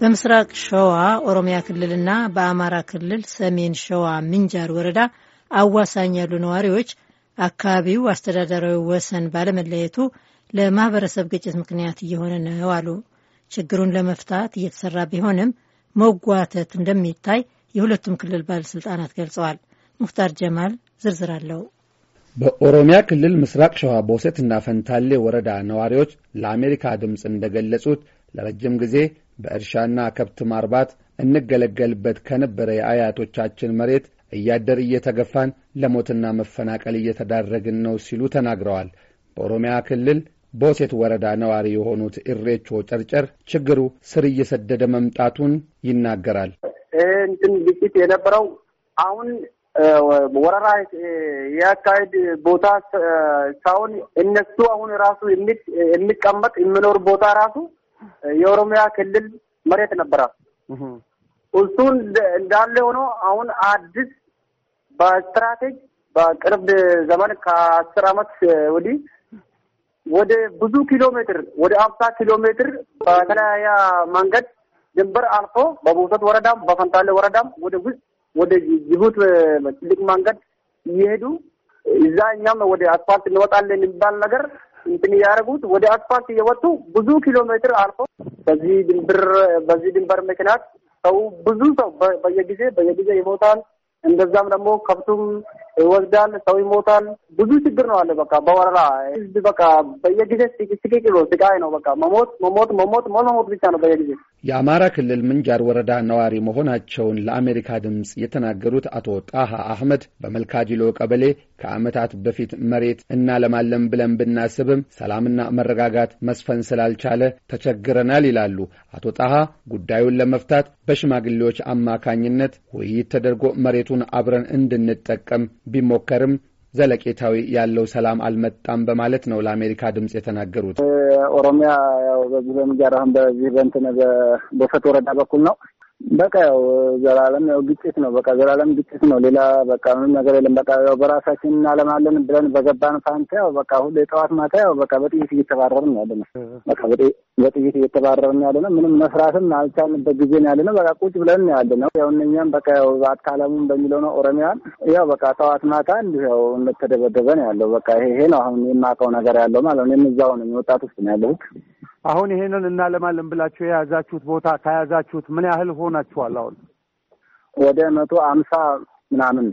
በምስራቅ ሸዋ ኦሮሚያ ክልልና በአማራ ክልል ሰሜን ሸዋ ምንጃር ወረዳ አዋሳኝ ያሉ ነዋሪዎች አካባቢው አስተዳደራዊ ወሰን ባለመለየቱ ለማህበረሰብ ግጭት ምክንያት እየሆነ ነው አሉ። ችግሩን ለመፍታት እየተሰራ ቢሆንም መጓተት እንደሚታይ የሁለቱም ክልል ባለስልጣናት ገልጸዋል። ሙክታር ጀማል ዝርዝር አለው። በኦሮሚያ ክልል ምስራቅ ሸዋ ቦሴትና ፈንታሌ ወረዳ ነዋሪዎች ለአሜሪካ ድምፅ እንደገለጹት ለረጅም ጊዜ በእርሻና ከብት ማርባት እንገለገልበት ከነበረ የአያቶቻችን መሬት እያደር እየተገፋን ለሞትና መፈናቀል እየተዳረግን ነው ሲሉ ተናግረዋል። በኦሮሚያ ክልል ቦሴት ወረዳ ነዋሪ የሆኑት ኢሬቾ ጨርጨር ችግሩ ስር እየሰደደ መምጣቱን ይናገራል። እንትን ግጭት የነበረው አሁን ወረራ የአካሄድ ቦታ ሳይሆን እነሱ አሁን ራሱ የሚቀመጥ የሚኖር ቦታ ራሱ የኦሮሚያ ክልል መሬት ነበረ። እሱን እንዳለ ሆኖ አሁን አዲስ በስትራቴጂ በቅርብ ዘመን ከአስር አመት ወዲህ ወደ ብዙ ኪሎ ሜትር ወደ አምሳ ኪሎ ሜትር በተለያየ መንገድ ድንበር አልፎ በቦሰት ወረዳም በፈንታሌ ወረዳም ወደ ውስጥ ወደ ጅቡት ትልቅ መንገድ እየሄዱ እዛ እኛም ወደ አስፋልት እንወጣለን የሚባል ነገር እንትን እያደረጉት ወደ አስፋልት እየወጡ ብዙ ኪሎ ሜትር አልፎ በዚህ ድንበር በዚህ ድንበር ምክንያት ሰው ብዙ ሰው በየጊዜ በየጊዜ ይሞታል። እንደዛም ደግሞ ከብቱም ይወስዳል፣ ሰው ይሞታል። ብዙ ችግር ነው አለ በቃ በወረራ ህዝብ በቃ በየጊዜ ስቅቅሎ ስቃይ ነው በቃ መሞት መሞት መሞት መሞት ብቻ ነው በየጊዜ። የአማራ ክልል ምንጃር ወረዳ ነዋሪ መሆናቸውን ለአሜሪካ ድምፅ የተናገሩት አቶ ጣሃ አህመድ በመልካጅሎ ቀበሌ ከዓመታት በፊት መሬት እናለማለን ብለን ብናስብም ሰላምና መረጋጋት መስፈን ስላልቻለ ተቸግረናል ይላሉ። አቶ ጣሃ ጉዳዩን ለመፍታት በሽማግሌዎች አማካኝነት ውይይት ተደርጎ መሬቱን አብረን እንድንጠቀም ቢሞከርም ዘለቄታዊ ያለው ሰላም አልመጣም በማለት ነው ለአሜሪካ ድምፅ የተናገሩት። ኦሮሚያ ያው በዚህ በሚጋራህም በዚህ በእንትን በፈት ወረዳ በኩል ነው በቃ ያው ዘላለም ያው ግጭት ነው። በቃ ዘላለም ግጭት ነው። ሌላ በቃ ምንም ነገር የለም። በቃ ያው በራሳችን እናለማለን ብለን በገባን ፋንት ያው በቃ ሁሌ ጠዋት ማታ ያው በቃ በጥይት እየተባረርን ያለ ነው። በቃ በጥይት እየተባረርን ያለ ነው። ምንም መስራትም አልቻልንበት ጊዜ ያለ ነው። በቃ ቁጭ ብለን ያለ ነው። ያው እነኛም በቃ ያው አታለሙን በሚለው ነው ኦሮሚያን ያው በቃ ጠዋት ማታ እንዲሁ ያው እንደተደበደበ ነው ያለው። በቃ ይሄ ነው አሁን የማውቀው ነገር ያለው ማለት ነው። እዛው ነው የወጣት ውስጥ ነው ያለሁት። አሁን ይሄንን እናለማለን ብላችሁ የያዛችሁት ቦታ ከያዛችሁት ምን ያህል ሆናችኋል? አሁን ወደ መቶ አምሳ ምናምን።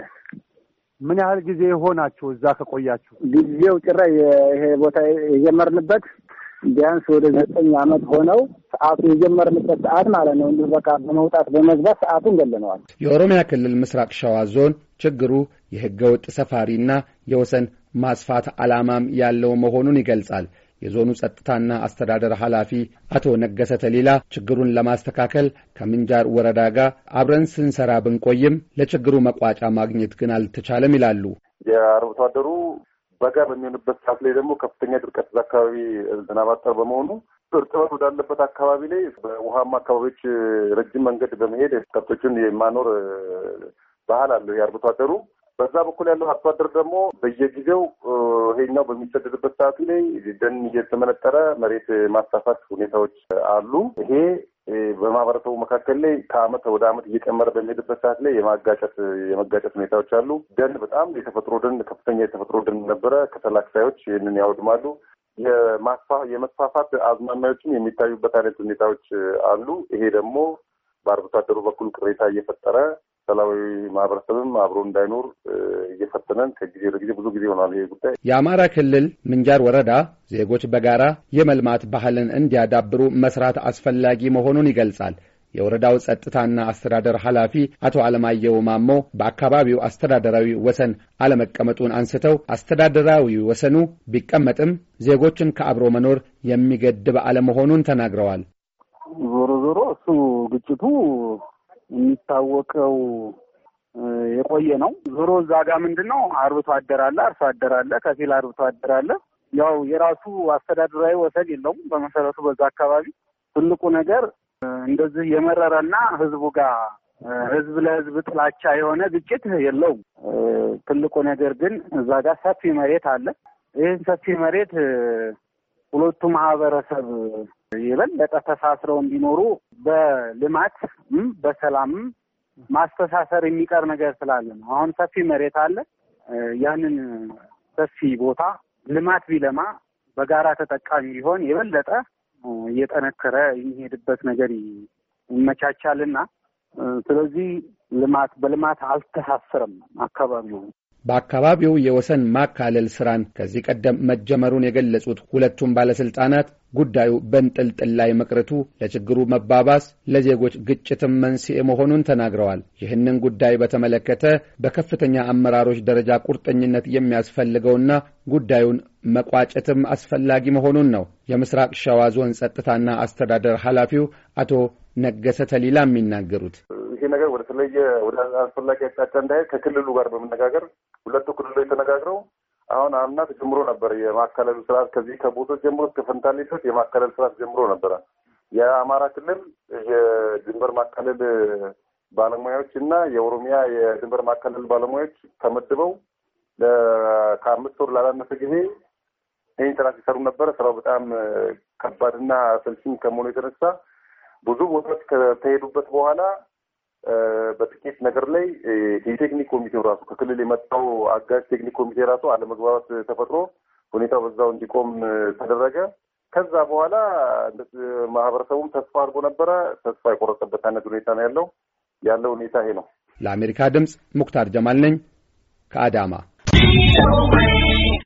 ምን ያህል ጊዜ ሆናችሁ እዛ ከቆያችሁ? ጊዜው ጭራ ይሄ ቦታ የጀመርንበት ቢያንስ ወደ ዘጠኝ ዓመት ሆነው ሰዓቱ የጀመርንበት ሰዓት ማለት ነው። እንዲሁ በቃ በመውጣት በመግባት ሰዓቱን ገለነዋል። የኦሮሚያ ክልል ምስራቅ ሸዋ ዞን ችግሩ የህገ ወጥ ሰፋሪና የወሰን ማስፋት ዓላማም ያለው መሆኑን ይገልጻል። የዞኑ ጸጥታና አስተዳደር ኃላፊ አቶ ነገሰ ተሌላ ችግሩን ለማስተካከል ከምንጃር ወረዳ ጋር አብረን ስንሰራ ብንቆይም ለችግሩ መቋጫ ማግኘት ግን አልተቻለም ይላሉ። የአርብቶ አደሩ በጋ በሚሆንበት ሰዓት ላይ ደግሞ ከፍተኛ ድርቀት አካባቢ ዝናብ አጠር በመሆኑ እርጥበት ወዳለበት አካባቢ ላይ በውሃማ አካባቢዎች ረጅም መንገድ በመሄድ ከብቶችን የማኖር ባህል አለው የአርብቶ አደሩ በዛ በኩል ያለው አርሶ አደር ደግሞ በየጊዜው ይሄኛው በሚሰደድበት ሰዓት ላይ ደን እየተመነጠረ መሬት ማስፋፋት ሁኔታዎች አሉ። ይሄ በማህበረሰቡ መካከል ላይ ከአመት ወደ አመት እየጨመረ በሚሄድበት ሰዓት ላይ የማጋጨት የመጋጨት ሁኔታዎች አሉ። ደን በጣም የተፈጥሮ ደን ከፍተኛ የተፈጥሮ ደን ነበረ። ከተላክሳዮች ይህንን ያወድማሉ። የመስፋፋት አዝማሚያዎችም የሚታዩበት አይነት ሁኔታዎች አሉ። ይሄ ደግሞ በአርብቶ አደሩ በኩል ቅሬታ እየፈጠረ ሰላማዊ ማህበረሰብም አብሮ እንዳይኖር እየፈተነን ከጊዜ ወደ ጊዜ ብዙ ጊዜ ሆኗል። ይሄ ጉዳይ የአማራ ክልል ምንጃር ወረዳ ዜጎች በጋራ የመልማት ባህልን እንዲያዳብሩ መስራት አስፈላጊ መሆኑን ይገልጻል። የወረዳው ጸጥታና አስተዳደር ኃላፊ አቶ አለማየሁ ማሞ በአካባቢው አስተዳደራዊ ወሰን አለመቀመጡን አንስተው አስተዳደራዊ ወሰኑ ቢቀመጥም ዜጎችን ከአብሮ መኖር የሚገድብ አለመሆኑን ተናግረዋል። ዞሮ ዞሮ እሱ ግጭቱ የሚታወቀው የቆየ ነው። ዞሮ እዛ ጋ ምንድን ነው አርብቶ አደር አለ፣ አርሶ አደር አለ፣ ከፊል አርብቶ አደር አለ። ያው የራሱ አስተዳደራዊ ወሰን የለውም በመሰረቱ በዛ አካባቢ ትልቁ ነገር እንደዚህ የመረረና ህዝቡ ጋር ህዝብ ለህዝብ ጥላቻ የሆነ ግጭት የለውም። ትልቁ ነገር ግን እዛ ጋር ሰፊ መሬት አለ። ይህን ሰፊ መሬት ሁለቱ ማህበረሰብ የበለጠ ተሳስረው እንዲኖሩ በልማት በሰላምም ማስተሳሰር የሚቀር ነገር ስላለ ነው። አሁን ሰፊ መሬት አለ። ያንን ሰፊ ቦታ ልማት ቢለማ በጋራ ተጠቃሚ ቢሆን የበለጠ እየጠነከረ የሚሄድበት ነገር ይመቻቻልና ስለዚህ ልማት በልማት አልተሳስርም አካባቢው በአካባቢው የወሰን ማካለል ስራን ከዚህ ቀደም መጀመሩን የገለጹት ሁለቱም ባለስልጣናት ጉዳዩ በንጥልጥል ላይ መቅረቱ ለችግሩ መባባስ ለዜጎች ግጭትም መንስኤ መሆኑን ተናግረዋል። ይህንን ጉዳይ በተመለከተ በከፍተኛ አመራሮች ደረጃ ቁርጠኝነት የሚያስፈልገውና ጉዳዩን መቋጨትም አስፈላጊ መሆኑን ነው የምስራቅ ሸዋ ዞን ጸጥታና አስተዳደር ኃላፊው አቶ ነገሰ ተሊላ የሚናገሩት። ይሄ ነገር ወደ ተለየ ወደ አስፈላጊ አቅጣጫ እንዳይሄድ ከክልሉ ጋር በመነጋገር ሁለቱ ክልሎች ተነጋግረው አሁን አምና ጀምሮ ነበር የማከለል ስርዓት ከዚህ ከቦቶ ጀምሮ እስከ ፈንታሌ ድረስ የማካለል ስርዓት ጀምሮ ነበረ። የአማራ ክልል የድንበር ማካለል ባለሙያዎች እና የኦሮሚያ የድንበር ማካለል ባለሙያዎች ተመድበው ከአምስት ወር ላላነሰ ጊዜ ይህን ስራ ሲሰሩ ነበረ። ስራው በጣም ከባድና አሰልቺ ከመሆኑ የተነሳ ብዙ ቦታዎች ከተሄዱበት በኋላ በጥቂት ነገር ላይ የቴክኒክ ኮሚቴው ራሱ ከክልል የመጣው አጋዥ ቴክኒክ ኮሚቴ ራሱ አለመግባባት ተፈጥሮ ሁኔታው በዛው እንዲቆም ተደረገ። ከዛ በኋላ ማህበረሰቡም ተስፋ አድርጎ ነበረ። ተስፋ የቆረጠበት አይነት ሁኔታ ነው ያለው። ያለው ሁኔታ ይሄ ነው። ለአሜሪካ ድምፅ ሙክታር ጀማል ነኝ ከአዳማ